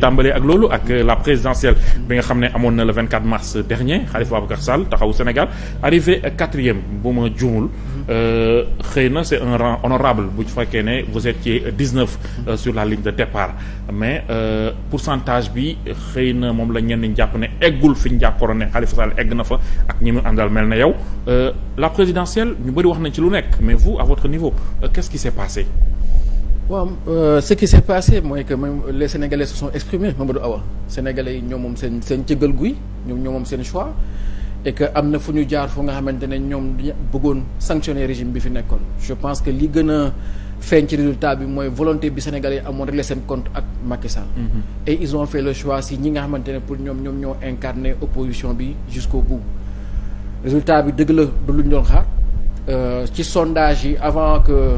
tàmbalee ak loolu ak euh, la présidentielle bi nga xam ne amoon na le 24 mars dernier Khalifa Ababacar Sall taxawu Sénégal arrivé quatrième bu ma juumul euh, xëy na c'est un rang honorable bu fekkee ne vous étiez 19 euh, sur la ligne de départ mais pourcentage bi xëy na moom la ñeen ñi jàpp ne eggul fi ñu jàppoon ne Khalifa Sall egg na fa ak ñi mu àndal mel na yow la présidentielle ñu bëri wax nañ ci lu nekk mais vous à votre niveau qu'est-ce qui s'est passé waaw euh, ce qui s'est passé mooy que même les sénégalais se sont exprimés Mamadou Awa sénégalais yi ñoom moom seen seen cëggal guy ñoom ñoom moom seen choix et que am na fu ñu jaar fu nga xamante ne ñoom bëggoon sanctionner régime bi fi nekkoon je pense que li gën a feeñ ci résultat bi mooy volonté bi sénégalais yi amoon régler seen compte ak Macky Sall mm-hmm. et ils ont choix si ñi nga xamante ne pour ñoom ñoom ñoo incarner opposition bi jusqu'au bout résultat bi dëgg la du luñ doon xaar euh, ci sondage yi avant que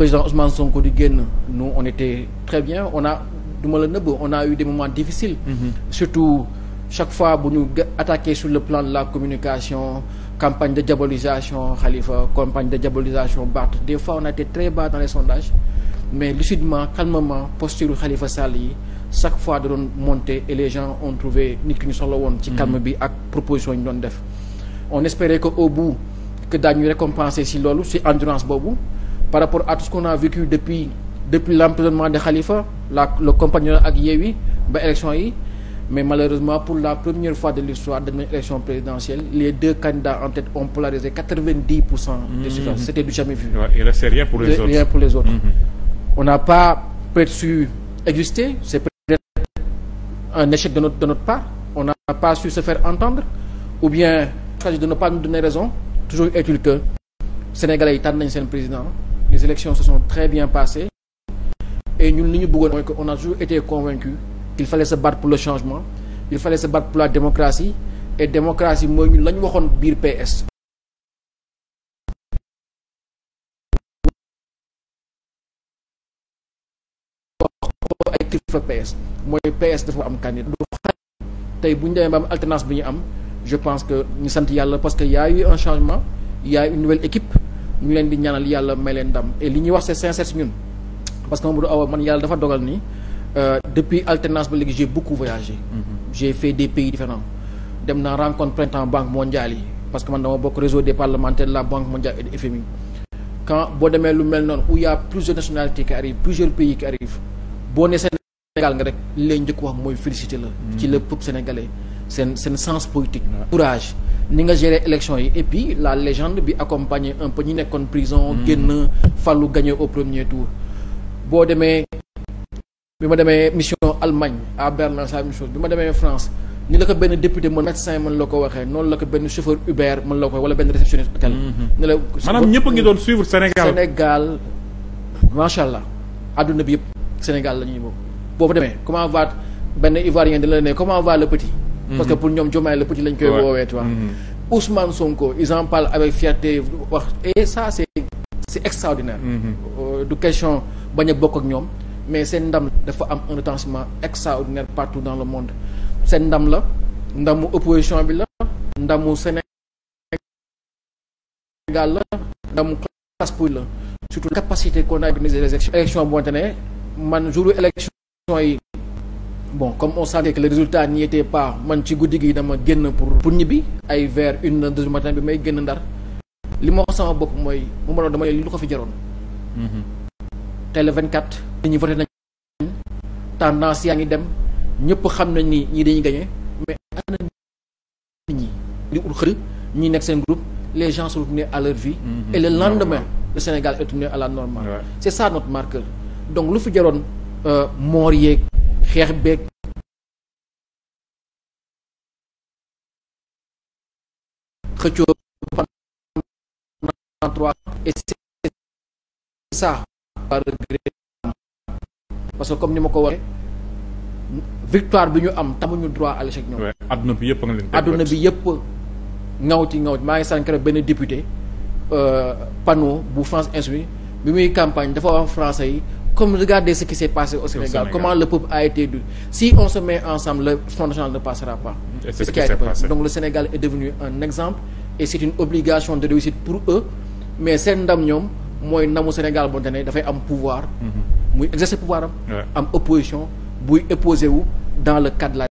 président Ousmane Sonko di génn nous on était très bien on a duma ma la nëbb on a eu des moments difficiles mhm. surtout chaque fois bu ñu attaqué sur le plan de la communication campagne de diabolisation xalifa campagne de diabolisation Barth des fois on a été très bas dans les sondages mais lucidement calmement posture xalifa Sall yi chaque fois da doon monter et les gens ont trouvé nit ki ñu soxla woon ci mhm. calme bi ak proposition yi ñu doon def on espérait que au bout que daañu si loolu si endurance boobu par rapport à tout ce qu'on a vécu depuis depuis l'emprisonnement de Khalifa la compagnon ak Yewwi ba élection yi mais malheureusement pour la première fois de l'histoire de notre élection présidentielle les deux candidats en tête ont polarisé quatre-vingt-dix pour cent mmh. c'était du jamais vu il restait rien pour les autres mmh. on n'a pas peut-être su exister c'est peut-être un échec de notre de on n'a pas su se faire entendre ou bien de ne pas nous donner raison toujours est-il que nañ seen président les élections se sont très bien passées et ñun li ñu buggoon mooy que on a toujours été convaincu qu'il fale sa battre pour le changement il fallait se battre pour la démocratie et démocratie mooy ñun la ñu waxoon biir PS fa PS mooy PS dafa am candidat tey bu ñu demee am alternance bi ñu am je pense que ñu sant yàlla parce que y a un changement il y nouvelle équipe ñu leen di ñaanal yàlla may leen ndam et li ñuy wax c'est sincère si ñun parce que Mamadou Awa man yàlla dafa dogal ni euh, depuis alternance ba léegi j'ai beaucoup voyagé mm-hmm. j'ai fait des pays différents dem naa rencontre printemps banque mondiale parce que man dama bokk réseau des parlementaires de la banque mondiale et de FMI quand boo demee lu mel noonu où il y a plusieurs nationalités qui arrivent plusieurs pays qui arrivent boo ne Sénégal nga rek leen njëkk wax mooy féliciter la mm-hmm. ci le peuple sénégalais seen seen sens politique courage ni nga gérer élection yi et puis la légende bi accompagner un peu ñi nekkoon prison. Hmm. génn fallu gagné au premier tour. boo demee bi ma demee mission Allemagne à Berlin c'est la même bi ma demee France ni la ko benn député mën médecin mën la ko waxee noonu la ko benn chauffeur Uber mën la ko wala benn réceptionniste hôtel. Hmm, hmm. ne la maanaam ñëpp ngi doon suivre Sénégal Sénégal macha allah adduna bi yëpp Sénégal la ñuy boobu. boo demee comment va benn Ivoirien dina la ne comment va le petit. Mm-hmm. parce que pour ñoom Diomaye le petit lañ koy woowee tu vois mm-hmm. Ousmane Sonko ils en parlent avec fierté wax et ça c'est c'est extraordinaire mm-hmm. euh, du question bañ a bokk ak ñoom mais seen ndam dafa am un retentissement extraordinaire partout dans le monde seen ndam la ndamu opposition bi la ndamu Sénégal la ndamu classe politique la surtout la capacité qu'on a d'organiser les élections élections boonte ne man jouru élection yi bon comme on sentait que le résultat n'y était pas man ci guddi gi dama génn pour pour ay vers une heure deux bi may génn ndar li ma sama bopp mooy mu ma doon dama lu ko fi jaroon mm-hmm. tey le 24 nit ñi yaa ngi dem ñëpp xam na ni ñii dañuy gagné mais ana nit ñi di ut xëri ñi nekk seen groupe les gens sont retournés à leur vie mm-hmm. et le lendemain le Sénégal est retourné à la normale c'est ça notre marqueur donc lu fi euh, moor yeeg xeex beeg xëccoo pendant parce que comme ni ma ko waxee victoire bi ñu am tamuñu droit à l'échec ñoom. adduna bi yëpp nga leen adduna bi yëpp ngawti ngawti maa ngi sànq benn député euh, panneau bu France Insoumise bi muy campagne dafa wax français yi. comme regardez ce qui s'est passé au Sénégal, comment le peuple a été dû. Si on se met ensemble, le Front national ne passera pas. a été Donc le Sénégal est devenu un exemple et c'est une obligation de réussite pour eux mais seen ndam ñoom mooy ndamu Sénégal boo xam dafay am pouvoir. Mhm. muy exercer pouvoir am. opposition buy opposé wu dans le cadre la.